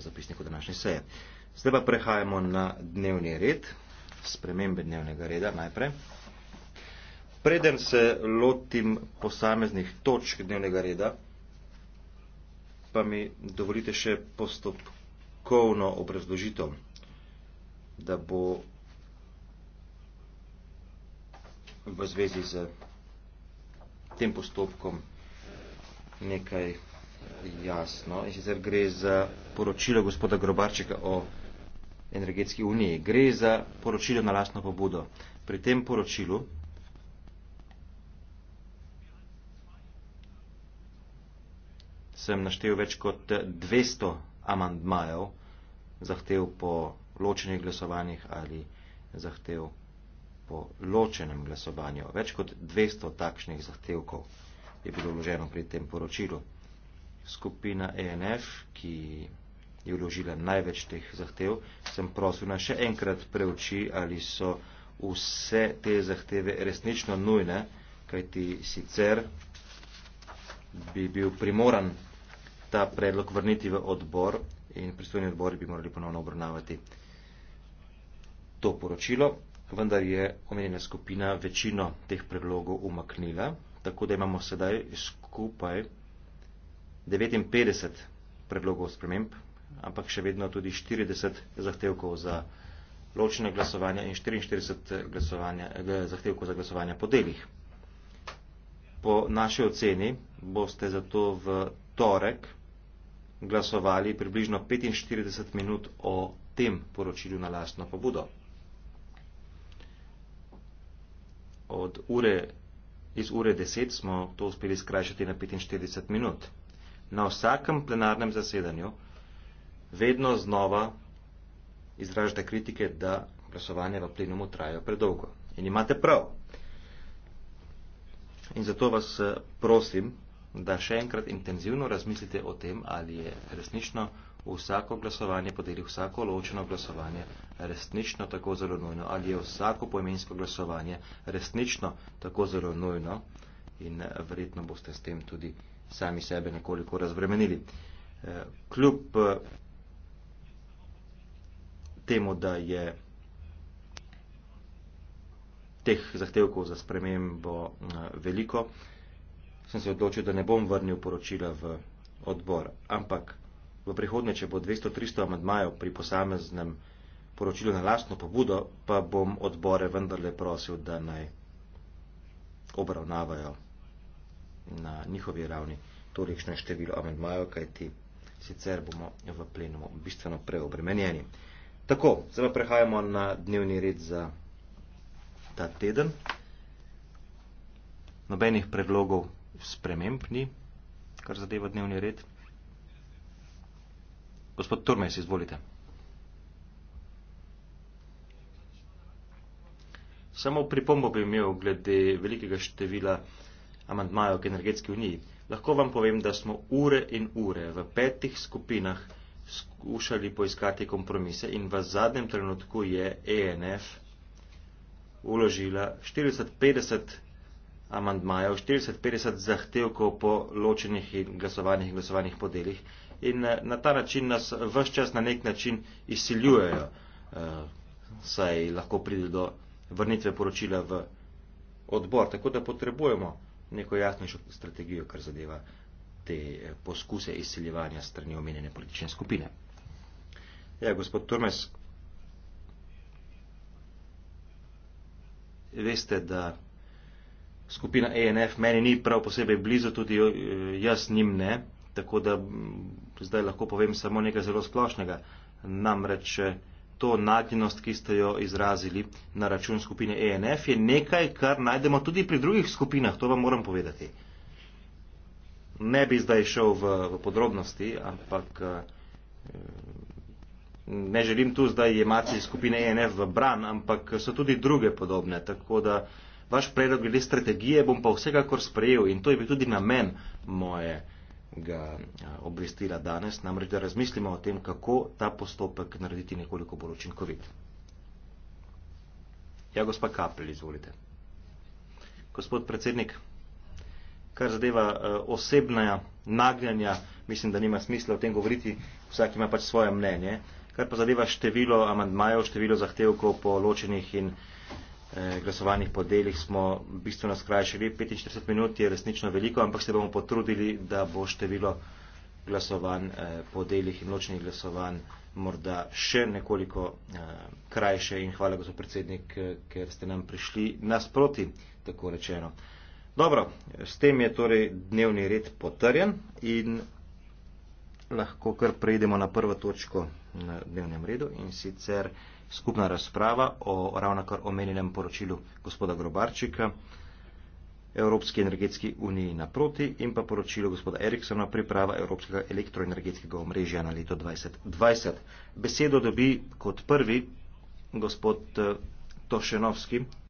zapisniku današnje seje. Zdaj pa prehajamo na dnevni red, spremembe dnevnega reda najprej. Preden se lotim posameznih točk dnevnega reda, pa mi dovolite še postopkovno obrazložitev, da bo v zvezi z tem postopkom nekaj Jasno, in sicer gre za poročilo gospoda Grobarčeka o energetski uniji. Gre za poročilo na lastno pobudo. Pri tem poročilu sem naštel več kot 200 amandmajev, zahtev po ločenih glasovanjih ali zahtev po ločenem glasovanju. Več kot 200 takšnih zahtevkov je bilo vloženo pri tem poročilu skupina ENF, ki je vložila največ teh zahtev, sem prosil na še enkrat preuči, ali so vse te zahteve resnično nujne, kajti sicer bi bil primoran ta predlog vrniti v odbor in pristojni odbori bi morali ponovno obravnavati to poročilo, vendar je omenjena skupina večino teh predlogov umaknila, tako da imamo sedaj skupaj 59 predlogov sprememb, ampak še vedno tudi 40 zahtevkov za ločene glasovanja in 44 eh, zahtevkov za glasovanja po delih. Po naši oceni boste zato v torek glasovali približno 45 minut o tem poročilju na lastno pobudo. Od ure, iz ure 10 smo to uspeli skrajšati na 45 minut na vsakem plenarnem zasedanju vedno znova izražate kritike, da glasovanje v plenumu traja predolgo. In imate prav. In zato vas eh, prosim, da še enkrat intenzivno razmislite o tem, ali je resnično vsako glasovanje, podeli vsako ločeno glasovanje, resnično tako zelo nujno, ali je vsako poimensko glasovanje resnično tako zelo nujno in eh, verjetno boste s tem tudi sami sebe nekoliko razvremenili. Eh, kljub eh, temu, da je teh zahtevkov za spremembo eh, veliko, sem se odločil, da ne bom vrnil poročila v odbor. Ampak v prihodnje, če bo 200-300 amadmajev pri posameznem poročilu na lastno pobudo, pa bom odbore vendarle prosil, da naj obravnavajo na njihovi ravni tolikšno število amendmajev, kajti sicer bomo v plenumu bistveno preobremenjeni. Tako, zdaj prehajamo na dnevni red za ta teden. Nobenih predlogov sprememb ni, kar zadeva dnevni red. Gospod Turmes, izvolite. Samo pripombo bi imel glede velikega števila amantmajo k energetski uniji. Lahko vam povem, da smo ure in ure v petih skupinah skušali poiskati kompromise in v zadnjem trenutku je ENF uložila 450 amantmajev, 450 zahtevkov po ločenih in glasovanih in glasovanih podelih in eh, na ta način nas vse čas na nek način izsiljujejo, eh, saj lahko pride do vrnitve poročila v odbor. Tako da potrebujemo neko jasnejšo strategijo, kar zadeva te eh, poskuse izsiljevanja strani omenjene politične skupine. Ja, gospod Turmes, veste, da skupina ENF meni ni prav posebej blizu, tudi eh, jaz njim ne, tako da zdaj lahko povem samo nekaj zelo splošnega. Namreč eh, to nagnjenost, ki ste jo izrazili na račun skupine ENF, je nekaj, kar najdemo tudi pri drugih skupinah, to vam moram povedati. Ne bi zdaj šel v, v podrobnosti, ampak eh, ne želim tu zdaj jemati skupine ENF v bran, ampak so tudi druge podobne. Tako da vaš predlog glede strategije bom pa vsekakor sprejel in to je bil tudi namen moje ga eh, obvestila danes, namreč da razmislimo o tem, kako ta postopek narediti nekoliko bolj učinkovit. Ja, gospa Kapel, izvolite. Gospod predsednik, kar zadeva uh, osebna nagnjanja, mislim, da nima smisla o tem govoriti, vsak ima pač svoje mnenje. Kar pa zadeva število amandmajev, število zahtevkov po ločenih in uh, Eh, glasovanjih po delih smo bistveno skrajšali. 45 minut je resnično veliko, ampak se bomo potrudili, da bo število glasovanj eh, po delih in ločenih glasovanj morda še nekoliko eh, krajše. In hvala, gospod predsednik, ker ste nam prišli nasproti, tako rečeno. Dobro, s tem je torej dnevni red potrjen in lahko kar prejdemo na prvo točko na dnevnem redu in sicer skupna razprava o ravnokar omenjenem poročilu gospoda Grobarčika, Evropski energetski uniji naproti in pa poročilu gospoda Eriksona priprava Evropskega elektroenergetskega omrežja na leto 2020. Besedo dobi kot prvi gospod eh, Tošenovski.